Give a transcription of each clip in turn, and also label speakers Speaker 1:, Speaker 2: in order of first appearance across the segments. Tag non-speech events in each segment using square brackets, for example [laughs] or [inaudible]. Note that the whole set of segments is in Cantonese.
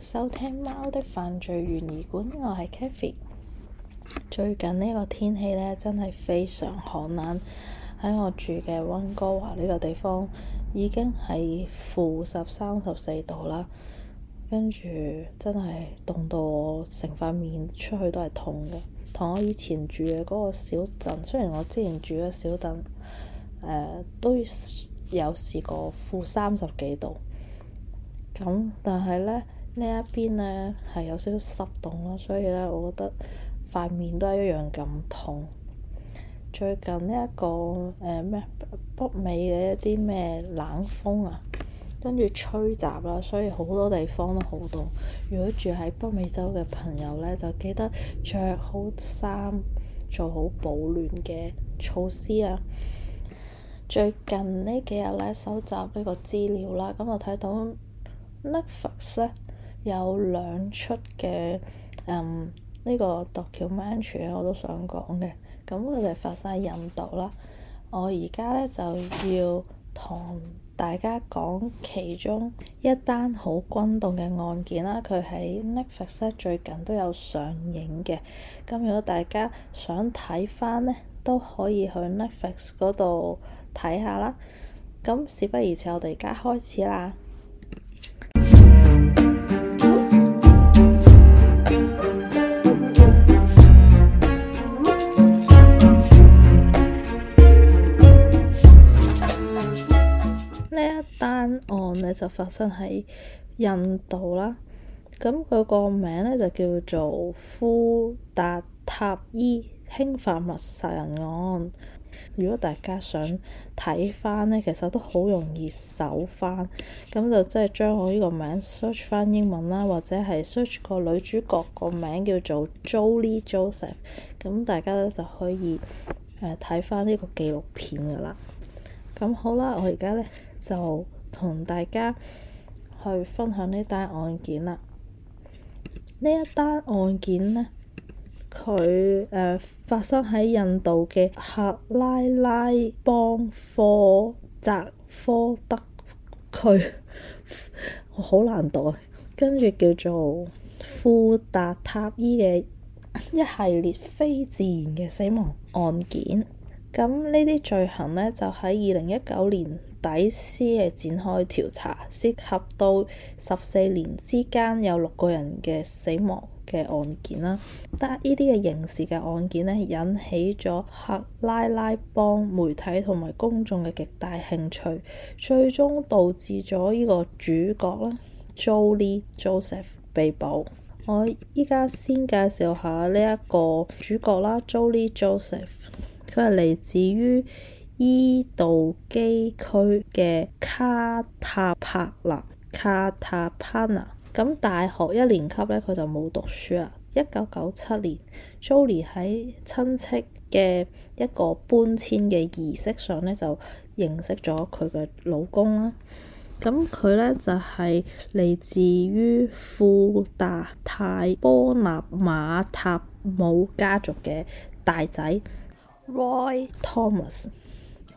Speaker 1: 收聽《貓的犯罪懸疑館》，我係 Cathy。最近呢個天氣咧，真係非常寒冷。喺我住嘅温哥華呢個地方，已經係負十三、十四度啦。跟住真係凍到我成塊面出去都係痛嘅。同我以前住嘅嗰個小鎮，雖然我之前住嘅小鎮誒、呃、都有試過負三十幾度咁，但係咧。呢一邊呢係有少少濕凍啦，所以呢我覺得塊面都係一樣咁痛。最近呢、這、一個誒咩、呃、北美嘅一啲咩冷風啊，跟住吹襲啦，所以好多地方都好凍。如果住喺北美洲嘅朋友呢，就記得着好衫，做好保暖嘅措施啊！最近呢幾日呢，收集呢個資料啦，咁我睇到 Netflix 呢。有兩出嘅，嗯，呢個 documentary 我都想講嘅，咁佢哋發生喺印度啦。我而家咧就要同大家講其中一單好轟動嘅案件啦。佢喺 Netflix 最近都有上映嘅，咁如果大家想睇返咧，都可以去 Netflix 嗰度睇下啦。咁事不宜遲，我哋而家開始啦。案咧就發生喺印度啦，咁佢個名咧就叫做夫達塔伊氰化物殺人案。如果大家想睇翻咧，其實都好容易搜翻，咁就即係將我呢個名 search 翻英文啦，或者係 search 個女主角個名叫做 Jolly Joseph，咁大家咧就可以誒睇翻呢個紀錄片噶啦。咁好啦，我而家咧就～同大家去分享呢單案件啦。呢一單案件呢，佢誒、呃、發生喺印度嘅克拉拉邦科澤科德區，好 [laughs] 難讀啊。跟住叫做富達塔伊嘅一系列非自然嘅死亡案件。咁呢啲罪行呢，就喺二零一九年。底先係展開調查，涉及到十四年之間有六個人嘅死亡嘅案件啦。但呢啲嘅刑事嘅案件呢，引起咗克拉拉邦媒體同埋公眾嘅極大興趣，最終導致咗呢個主角啦，Jolly Joseph 被捕。我依家先介紹下呢一個主角啦，Jolly Joseph，佢係嚟自於，伊杜基區嘅卡塔帕納卡塔帕納。咁大學一年級咧，佢就冇讀書啦。一九九七年，Jolly 喺親戚嘅一個搬遷嘅儀式上咧，就認識咗佢嘅老公啦。咁佢咧就係、是、嚟自於富達泰波納馬塔姆家族嘅大仔 Roy Thomas。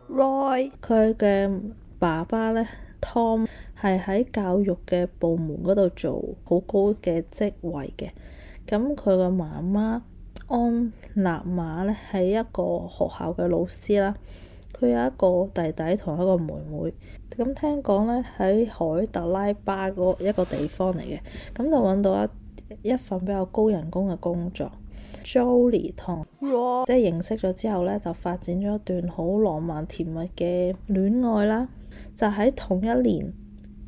Speaker 1: Roy 佢嘅爸爸咧，Tom 係喺教育嘅部門嗰度做好高嘅職位嘅。咁佢嘅媽媽安納瑪咧，係一個學校嘅老師啦。佢有一個弟弟同一個妹妹。咁聽講咧，喺海特拉巴嗰一個地方嚟嘅，咁就搵到一一份比較高人工嘅工作。Jolie 同 Roh 即係認識咗之後咧，就發展咗一段好浪漫甜蜜嘅戀愛啦。就喺同一年，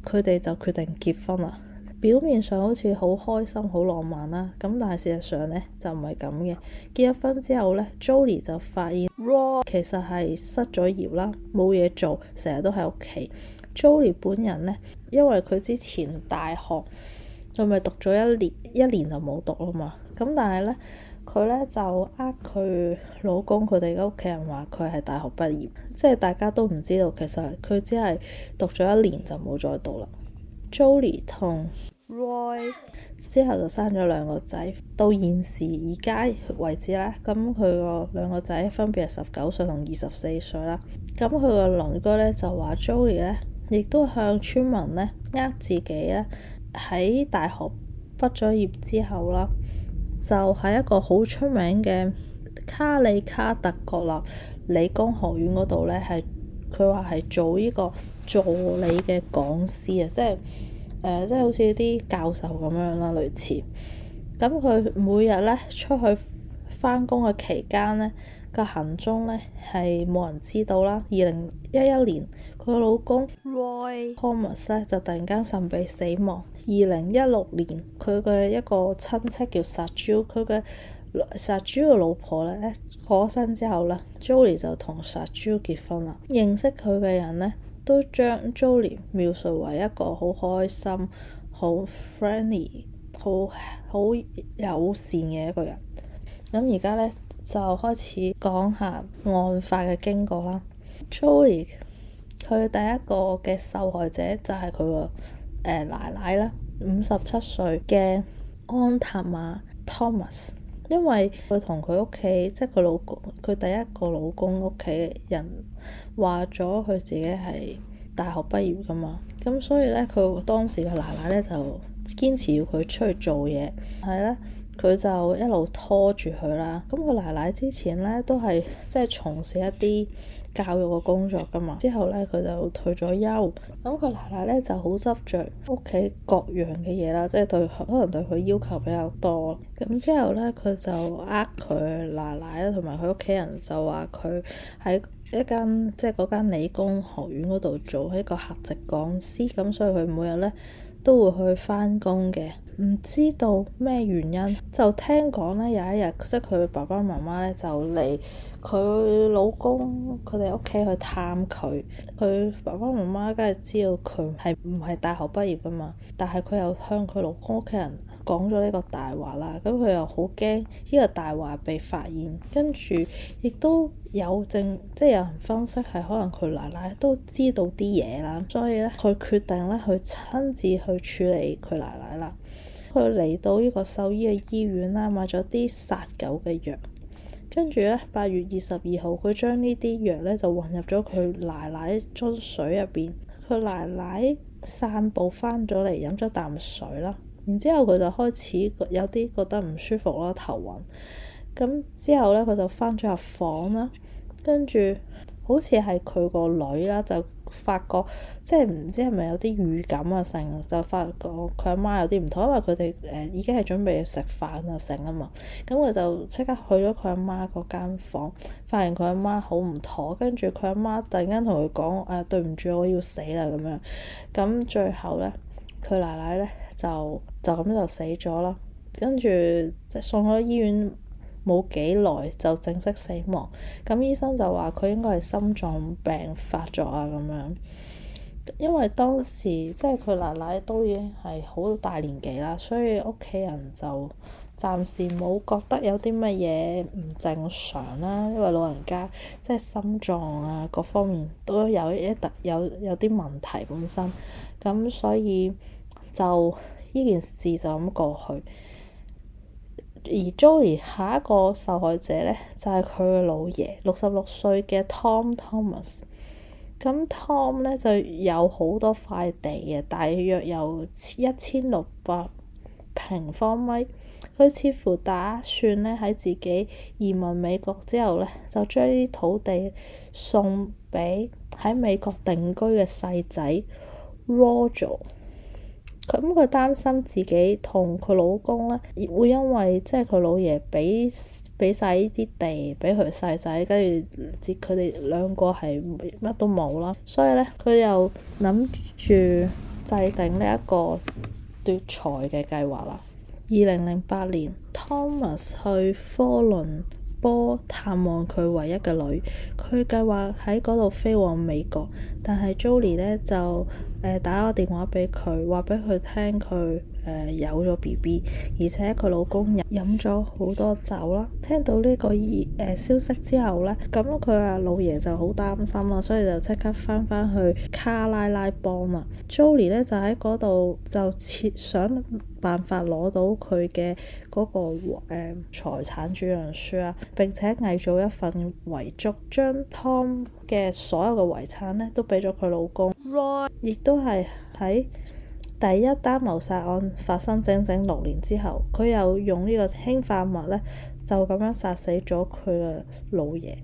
Speaker 1: 佢哋就決定結婚啦。表面上好似好開心、好浪漫啦。咁但係事實上咧就唔係咁嘅。結咗婚之後咧，Jolie 就發現 Roh 其實係失咗業啦，冇嘢做，成日都喺屋企。Jolie 本人咧，因為佢之前大學佢咪讀咗一年，一年就冇讀啦嘛。咁但係咧。佢咧就呃佢老公佢哋嘅屋企人話，佢係大學畢業，即係大家都唔知道，其實佢只係讀咗一年就冇再讀啦。Jolly 同 Roy 之後就生咗兩個仔，到現時而家為止啦。咁佢個兩個仔分別係十九歲同二十四歲啦。咁佢個鄰居咧就話，Jolly 咧亦都向村民咧呃自己咧喺大學畢咗業之後啦，就喺一個好出名嘅卡里卡特國立理工學院嗰度呢，係佢話係做呢個助理嘅講師啊，即係、呃、即係好似啲教授咁樣啦，類似。咁佢每日呢，出去。翻工嘅期間呢個行蹤呢，係冇人知道啦。二零一一年，佢老公 Roy Thomas 咧就突然間神秘死亡。二零一六年，佢嘅一個親戚叫 Saju，佢嘅 Saju 嘅老婆咧過身之後呢 Jolly 就同 Saju 結婚啦。認識佢嘅人呢，都將 Jolly 描述為一個好開心、好 friendly 好、好好友善嘅一個人。咁而家咧就開始講下案發嘅經過啦。Jolly 佢第一個嘅受害者就係佢個誒奶奶啦，五十七歲嘅安塔馬 Thomas，因為佢同佢屋企即係佢老公，佢第一個老公屋企人話咗佢自己係大學畢業㗎嘛，咁所以咧佢當時嘅奶奶咧就，堅持要佢出去做嘢，係咧佢就一路拖住佢啦。咁佢奶奶之前咧都係即係從事一啲教育嘅工作㗎嘛。之後咧佢就退咗休，咁佢奶奶咧就好執着屋企各樣嘅嘢啦，即係對可能對佢要求比較多。咁之後咧佢就呃佢奶奶同埋佢屋企人就話佢喺一間即係嗰間理工學院嗰度做一個客席講師，咁所以佢每日咧。都會去返工嘅，唔知道咩原因就聽講咧有一日，即係佢爸爸媽媽咧就嚟佢老公佢哋屋企去探佢，佢爸爸媽媽梗係知道佢係唔係大學畢業㗎嘛，但係佢又向佢老公屋企人。講咗呢個大話啦，咁佢又好驚呢個大話被發現，跟住亦都有證，即係有人分析係可能佢奶奶都知道啲嘢啦，所以咧佢決定咧去親自去處理佢奶奶啦。佢嚟到呢個獸醫嘅醫院啦，買咗啲殺狗嘅藥，跟住咧八月二十二號，佢將呢啲藥咧就混入咗佢奶奶樽水入邊。佢奶奶散步翻咗嚟，飲咗啖水啦。然之後佢就開始有啲覺得唔舒服啦，頭暈。咁之後咧，佢就翻咗入房啦。跟住好似係佢個女啦，就發覺即係唔知係咪有啲預感啊？成就發覺佢阿媽有啲唔妥，因為佢哋誒已經係準備食飯啊成啊嘛。咁佢就即刻去咗佢阿媽嗰間房，發現佢阿媽好唔妥。跟住佢阿媽突然間同佢講：誒，哎，對唔住，我要死啦咁樣。咁最後咧，佢奶奶咧就～就咁就死咗啦，跟住即係送咗醫院冇幾耐就正式死亡。咁醫生就話佢應該係心臟病發作啊咁樣，因為當時即係佢奶奶都已經係好大年紀啦，所以屋企人就暫時冇覺得有啲乜嘢唔正常啦。因為老人家即係心臟啊各方面都有一一有有啲問題本身，咁所以就。呢件事就咁過去，而 Jolly 下一個受害者呢，就係佢嘅老爺，六十六歲嘅 Tom Thomas。咁 Tom 呢，就有好多塊地嘅，大約有一千六百平方米。佢似乎打算呢，喺自己移民美國之後呢，就將啲土地送俾喺美國定居嘅細仔 Roger。咁佢擔心自己同佢老公咧，會因為即係佢老爺俾俾晒呢啲地俾佢細仔，跟住接佢哋兩個係乜都冇啦，所以咧佢又諗住制定呢一個奪財嘅計劃啦。二零零八年，Thomas 去科倫波探望佢唯一嘅女，佢計劃喺嗰度飛往美國，但係 Jolie 咧就誒、呃、打個電話俾佢，話俾佢聽佢。誒、呃、有咗 B B，而且佢老公飲飲咗好多酒啦。聽到呢、呢個熱誒、呃、消息之後呢，咁佢阿老爺就好擔心啦，所以就即刻翻翻去卡拉拉邦啦。Jolly 呢就喺嗰度就設想辦法攞到佢嘅嗰個誒財、呃、產轉讓書啊，並且偽造一份遺囑，將 Tom 嘅所有嘅遺產呢都俾咗佢老公 Roy，亦都係喺。第一單謀殺案發生整整六年之後，佢又用呢個氰化物咧，就咁樣殺死咗佢嘅老爺。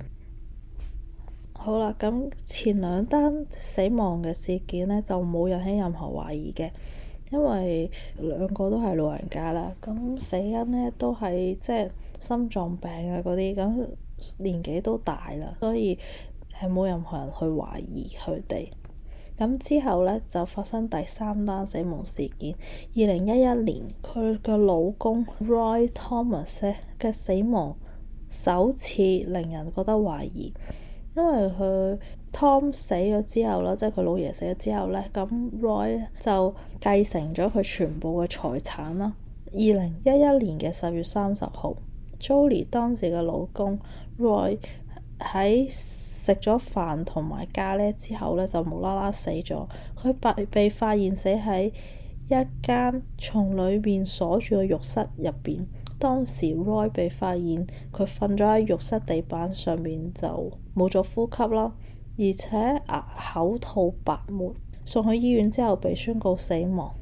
Speaker 1: 好啦，咁前兩單死亡嘅事件咧，就冇引起任何懷疑嘅，因為兩個都係老人家啦，咁死因咧都係即係心臟病啊嗰啲，咁年紀都大啦，所以係冇任何人去懷疑佢哋。咁之後咧就發生第三單死亡事件。二零一一年佢嘅老公 Roy Thomas 嘅死亡首次令人覺得懷疑，因為佢 Tom 死咗之後啦，即係佢老爺死咗之後咧，咁 Roy 就繼承咗佢全部嘅財產啦。二零一一年嘅十月三十號，Jolly 當時嘅老公 Roy 喺食咗飯同埋咖喱之後呢，就無啦啦死咗。佢被被發現死喺一間從裏面鎖住嘅浴室入邊。當時 Roy 被發現佢瞓咗喺浴室地板上面，就冇咗呼吸啦，而且牙口吐白沫，送去醫院之後被宣告死亡。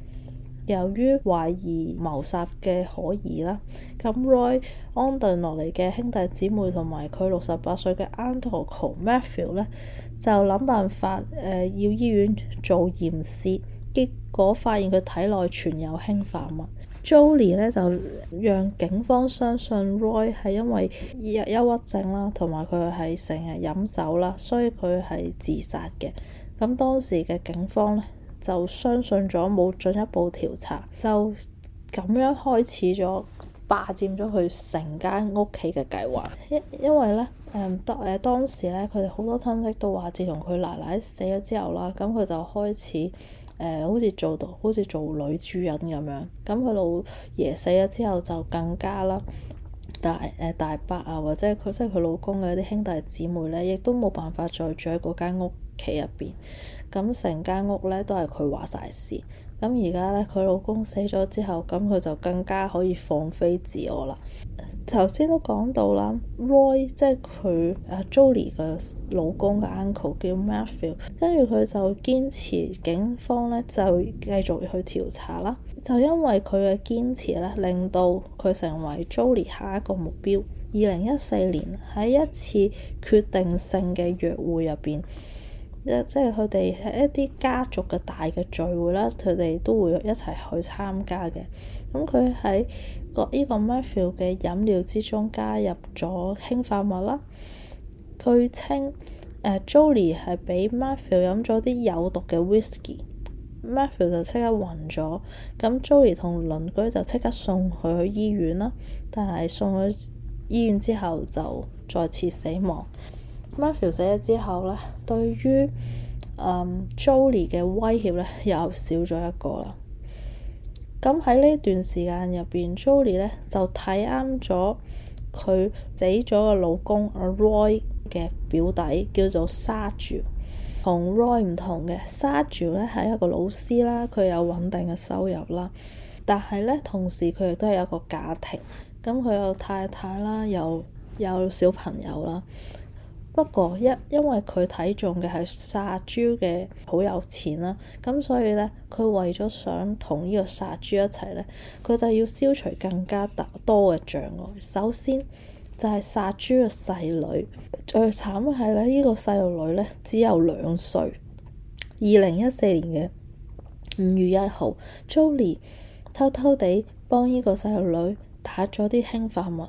Speaker 1: 由於懷疑謀殺嘅可疑啦，咁 Roy 安頓落嚟嘅兄弟姊妹同埋佢六十八歲嘅 Anto 安徒豪 Matthew 呢，就諗辦法誒、呃、要醫院做驗屍，結果發現佢體內存有氰化物。Jolly 呢就讓警方相信 Roy 係因為憂憂鬱症啦，同埋佢係成日飲酒啦，所以佢係自殺嘅。咁當時嘅警方呢，就相信咗，冇進一步調查，就咁樣開始咗霸佔咗佢成間屋企嘅計劃。因 [laughs] 因為咧，誒當誒當時咧，佢哋好多親戚都話，自從佢奶奶死咗之後啦，咁佢就開始誒、呃、好似做到好似做女主人咁樣。咁佢老爺死咗之後就更加啦，大誒大伯啊，或者佢即係佢老公嘅一啲兄弟姊妹咧，亦都冇辦法再住喺嗰間屋企入邊。咁成間屋咧都係佢話晒事。咁而家咧佢老公死咗之後，咁佢就更加可以放飛自我啦。頭先都講到啦，Roy 即係佢誒 Jolie 嘅老公嘅 uncle 叫 Matthew，跟住佢就堅持警方咧就繼續去調查啦。就因為佢嘅堅持咧，令到佢成為 Jolie 下一個目標。二零一四年喺一次決定性嘅約會入邊。即係佢哋係一啲家族嘅大嘅聚會啦，佢哋都會一齊去參加嘅。咁佢喺個呢個 Matthew 嘅飲料之中加入咗氰化物啦。據稱，誒 Jolly 係俾 Matthew 飲咗啲有毒嘅 whisky，Matthew 就即刻暈咗。咁 Jolly 同鄰居就即刻送佢去醫院啦，但係送去醫院之後就再次死亡。，Matthew 死咗之後咧，對於、嗯、Jolly 嘅威脅咧又少咗一個啦。咁喺呢段時間入邊，Jolly 咧就睇啱咗佢死咗個老公阿 Roy 嘅表弟叫做沙柱。同 Roy 唔同嘅沙柱咧係一個老師啦，佢有穩定嘅收入啦。但係咧，同時佢亦都係有一個家庭，咁佢有太太啦，又有，有小朋友啦。不過，一因為佢睇中嘅係殺豬嘅好有錢啦，啊，咁所以呢，佢為咗想同呢個殺豬一齊呢，佢就要消除更加多嘅障礙。首先就係殺豬嘅細女，最慘嘅係咧，呢、呢個細路女呢，只有兩歲。二零一四年嘅五月一號，Jolly 偷偷地幫呢個細路女打咗啲氰化物，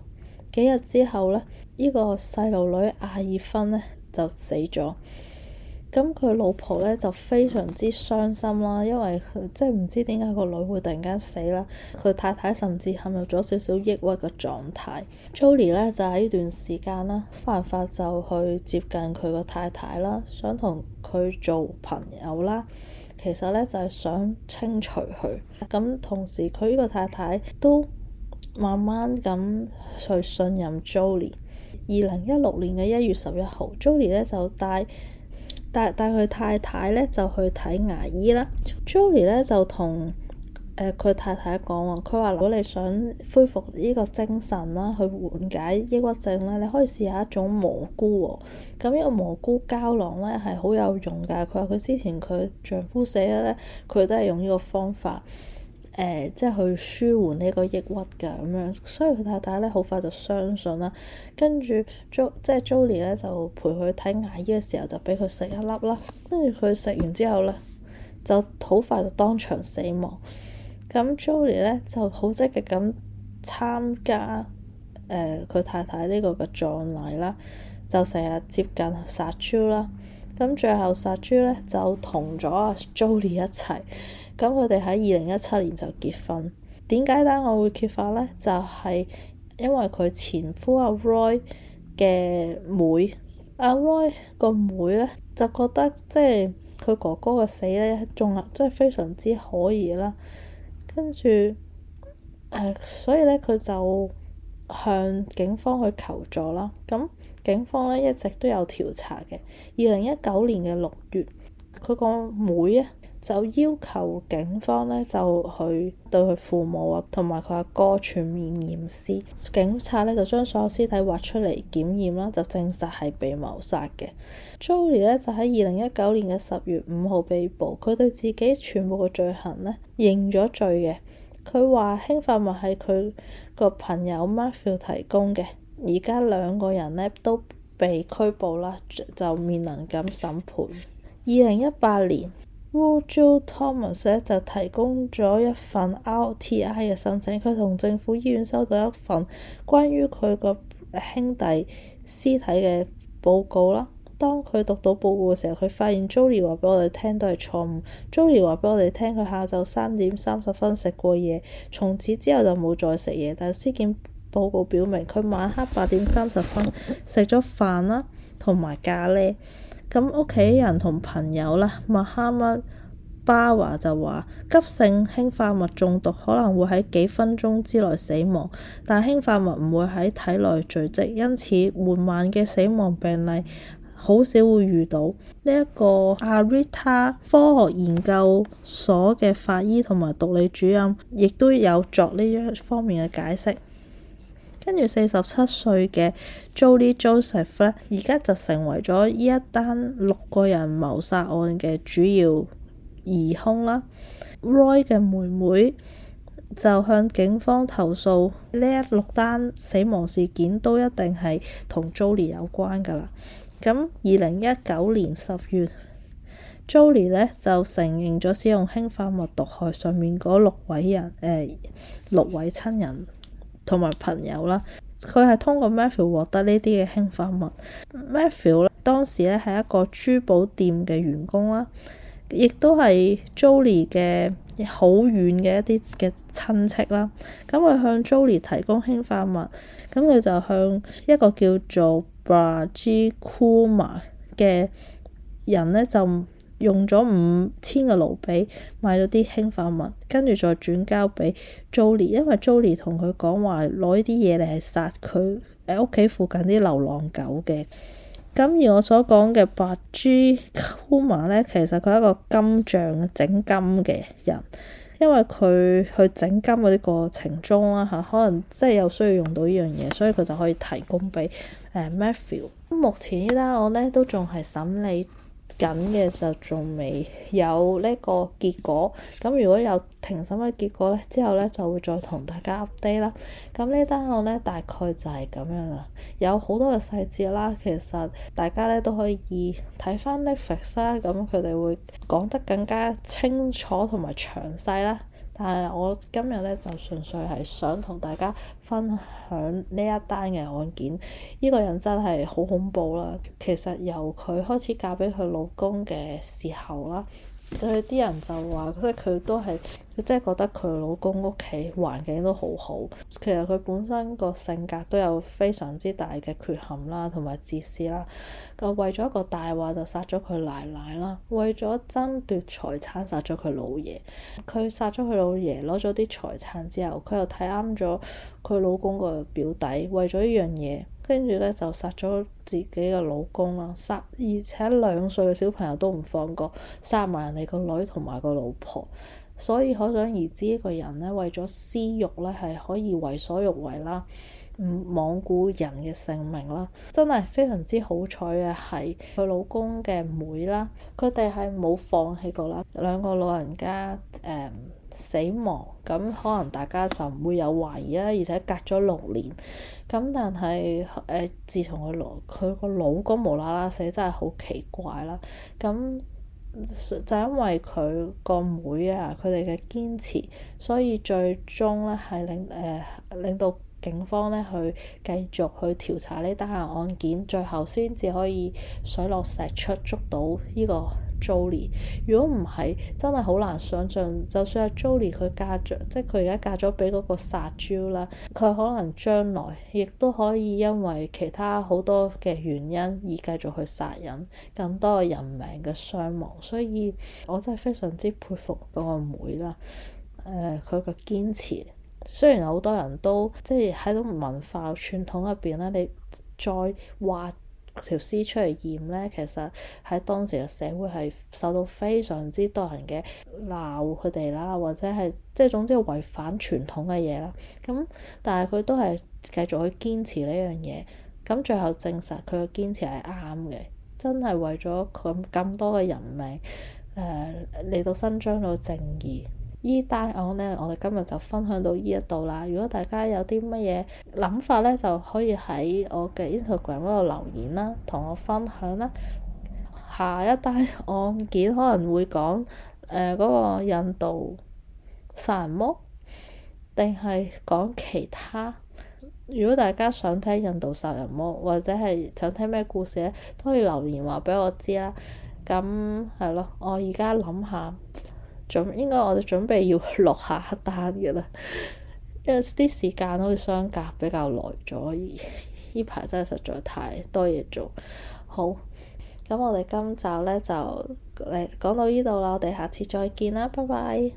Speaker 1: 幾日之後呢，呢個細路女阿爾芬呢，就死咗，咁佢老婆呢，就非常之傷心啦，因為佢即係唔知點解個女會突然間死啦。佢太太甚至陷入咗少少抑鬱嘅狀態。 [laughs] Jolly 呢，就喺呢段時間啦，辦法就去接近佢個太太啦，想同佢做朋友啦。其實呢，就係、是、想清除佢，咁同時佢呢個太太都慢慢咁去信任 Jolly。二零一六年嘅一月十一號 Jolly 咧就帶帶帶佢太太咧就去睇牙醫啦。Jolly 咧就同佢、呃、太太講話，佢話如果你想恢復呢個精神啦，去緩解抑鬱症咧，你可以試下一種蘑菇喎。咁呢個蘑菇膠囊咧係好有用㗎。佢話佢之前佢丈夫死嘅咧，佢都係用呢個方法。誒、呃，即係去舒緩呢個抑鬱㗎咁樣，所以佢太太咧好快就相信啦。跟住 Jo，即係 Jolly 咧就陪佢睇牙醫嘅時候就俾佢食一粒啦。跟住佢食完之後咧，就好快就當場死亡。咁 Jolly 咧就好積極咁參加誒佢、呃、太太呢個嘅葬禮啦，就成日接近殺朱啦。咁最後殺朱咧就同咗阿 Jolly 一齊。咁佢哋喺二零一七年就結婚。點解單案會揭發呢，就係、是、因為佢前夫阿 Roy 嘅妹，阿、啊、Roy 個妹呢，就覺得即係佢哥哥嘅死呢，仲係真係非常之可疑啦。跟住、啊、所以呢，佢就向警方去求助啦。咁警方呢，一直都有調查嘅。二零一九年嘅六月，佢個妹啊。就要求警方咧，就去對佢父母啊，同埋佢阿哥全面驗屍。警察，咧就將所有屍體挖出嚟檢驗啦，就證實係被謀殺嘅。Jolly 咧就喺二零一九年嘅十月五號被捕，佢對自己全部嘅罪行咧認咗罪嘅。佢話氰化物係佢個朋友 Matthew 提供嘅，而家兩個人咧都被拘捕啦，就面臨緊審判。二零一八年。Rojo Thomas 就提供咗一份 RTI 嘅申請，佢同政府醫院收到一份關於佢個兄弟屍體嘅報告啦。當佢讀到報告嘅時候，佢發現 Jolly 話俾我哋聽都係錯誤。Jolly 話俾我哋聽，佢下晝三點三十分食過嘢，從此之後就冇再食嘢。但係屍檢報告表明，佢晚黑八點三十分食咗飯啦，同埋咖喱。咁屋企人同朋友啦，穆哈木巴華就話，急性氰化物中毒可能會喺幾分鐘之內死亡，但氰化物唔會喺體內聚集，因此緩慢嘅死亡病例好少會遇到。呢、這、一個阿 rita 科學研究所嘅法醫同埋毒理主任亦都有作呢一方面嘅解釋。跟住四十七歲嘅 Jolly Joseph 咧，而家就成為咗呢一單六個人謀殺案嘅主要疑凶啦。Roy 嘅妹妹就向警方投訴，呢一六單死亡事件都一定係同 Jolly 有關噶啦。咁二零一九年十月，Jolly 咧就承認咗使用氰化物毒害上面嗰六位人誒、呃、六位親人。同埋朋友啦，佢係通過 Matthew 獲得呢啲嘅氰化物。Matthew 咧當時咧係一個珠寶店嘅員工啦，亦都係 Jolly 嘅好遠嘅一啲嘅親戚啦。咁佢向 Jolly 提供氰化物，咁佢就向一個叫做 Bhagyakumar 嘅人咧就。用咗五千嘅盧比買咗啲氰化物，跟住再轉交俾 Jolly，因為 Jolly 同佢講話攞呢啲嘢嚟殺佢誒屋企附近啲流浪狗嘅。咁而我所講嘅白珠 Kumar 其實佢係一個金匠，整金嘅人，因為佢去整金嗰啲過程中啦嚇，可能即係有需要用到呢樣嘢，所以佢就可以提供俾誒 Matthew。目前呢單案咧都仲係審理。緊嘅就仲未有呢個結果，咁如果有庭審嘅結果呢，之後呢就會再同大家 update 啦。咁呢單案呢，大概就係咁樣啦，有好多嘅細節啦，其實大家呢都可以睇翻 Netflix 啦。咁佢哋會講得更加清楚同埋詳細啦。但係我今日咧就純粹係想同大家分享呢一單嘅案件，呢個人真係好恐怖啦！其實由佢開始嫁俾佢老公嘅時候啦。佢啲人就話，即係佢都係，佢真係覺得佢老公屋企環境都好好。其實佢本身個性格都有非常之大嘅缺陷啦，同埋自私啦。佢為咗一個大話就殺咗佢奶奶啦，為咗爭奪財產殺咗佢老爺。佢殺咗佢老爺，攞咗啲財產之後，佢又睇啱咗佢老公個表弟，為咗一樣嘢。跟住咧就殺咗自己嘅老公啦，殺而且兩歲嘅小朋友都唔放過，殺埋人哋個女同埋個老婆。所以可想而知，呢個人咧為咗私欲咧係可以為所欲為啦，唔罔顧人嘅性命啦。真係非常之好彩嘅係佢老公嘅妹啦，佢哋係冇放棄過啦，兩個老人家誒。嗯死亡咁可能大家就唔會有懷疑啦。而且隔咗六年，咁但係誒、呃，自從佢老佢個老公無啦啦死，真係好奇怪啦。咁、啊、就因為佢個妹啊，佢哋嘅堅持，所以最終咧係令誒令到警方咧去繼續去調查呢單案件，最後先至可以水落石出捉到呢、這個 Jolly，如果唔係真係好難想象，就算阿 Jolly 佢嫁咗，即係佢而家嫁咗俾嗰個殺豬啦，佢可能將來亦都可以因為其他好多嘅原因而繼續去殺人，更多人命嘅傷亡。所以我真係非常之佩服嗰個妹啦。誒、呃，佢嘅堅持，雖然好多人都即係喺度文化傳統入邊咧，你再話。條屍出嚟驗咧，其實喺當時嘅社會係受到非常之多人嘅鬧佢哋啦，或者係即係總之違反傳統嘅嘢啦。咁但係佢都係繼續去堅持呢樣嘢，咁最後證實佢嘅堅持係啱嘅，真係為咗佢咁多嘅人命誒嚟、呃、到伸張到正義。呢單案呢，我哋今日就分享到呢一度啦。如果大家有啲乜嘢諗法呢，就可以喺我嘅 Instagram 嗰度留言啦，同我分享啦。下一單案件可能會講誒嗰個印度殺人魔，定係講其他？如果大家想聽印度殺人魔，或者係想聽咩故事咧，都可以留言話俾我知啦。咁係咯，我而家諗下。准應該我哋準備要落下，下單嘅啦，因為啲時間好似相隔比較耐咗，而呢排真係實在太多嘢做。好，咁我哋今集咧就嚟講到呢度啦，我哋下次再見啦，拜拜。